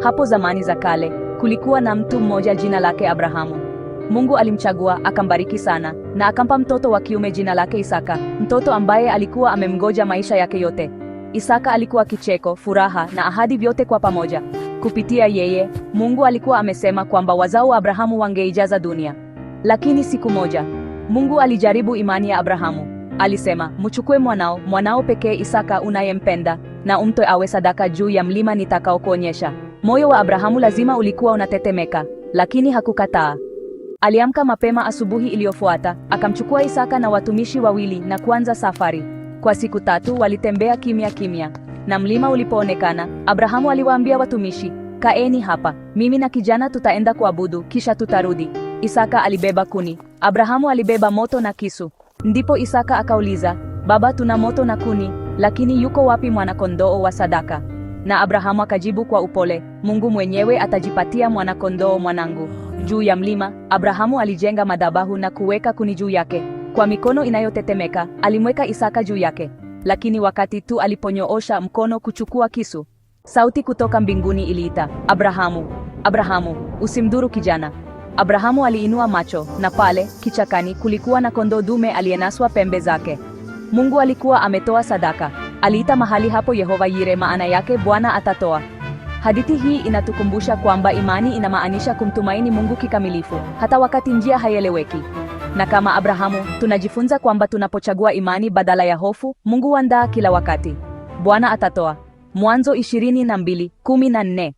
Hapo zamani za kale kulikuwa na mtu mmoja jina lake Abrahamu. Mungu alimchagua akambariki sana na akampa mtoto wa kiume jina lake Isaka, mtoto ambaye alikuwa amemgoja maisha yake yote. Isaka alikuwa kicheko, furaha na ahadi vyote kwa pamoja. Kupitia yeye, Mungu alikuwa amesema kwamba wazao wa Abrahamu wangeijaza dunia. Lakini siku moja, Mungu alijaribu imani ya Abrahamu. Alisema, mchukue mwanao, mwanao pekee Isaka unayempenda na umtoe awe sadaka juu ya mlima nitakaokuonyesha. Moyo wa Abrahamu lazima ulikuwa unatetemeka, lakini hakukataa. Aliamka mapema asubuhi iliyofuata, akamchukua Isaka na watumishi wawili na kuanza safari. Kwa siku tatu walitembea kimya kimya, na mlima ulipoonekana, Abrahamu aliwaambia watumishi, kaeni hapa, mimi na kijana tutaenda kuabudu, kisha tutarudi. Isaka alibeba kuni, Abrahamu alibeba moto na kisu. Ndipo Isaka akauliza, baba, tuna moto na kuni, lakini yuko wapi mwanakondoo wa sadaka? Na Abrahamu akajibu kwa upole, Mungu mwenyewe atajipatia mwanakondoo mwanangu. Juu ya mlima, Abrahamu alijenga madhabahu na kuweka kuni juu yake. Kwa mikono inayotetemeka, alimweka Isaka juu yake. Lakini wakati tu aliponyoosha mkono kuchukua kisu, sauti kutoka mbinguni iliita, Abrahamu, Abrahamu, usimdhuru kijana. Abrahamu aliinua macho, na pale kichakani kulikuwa na kondoo dume aliyenaswa pembe zake. Mungu alikuwa ametoa sadaka. Aliita mahali hapo Yehova Yire, maana yake Bwana atatoa. Hadithi hii inatukumbusha kwamba imani inamaanisha kumtumaini Mungu kikamilifu hata wakati njia haieleweki. Na kama Abrahamu, tunajifunza kwamba tunapochagua imani badala ya hofu, Mungu wandaa kila wakati. Bwana atatoa. Mwanzo 22:14.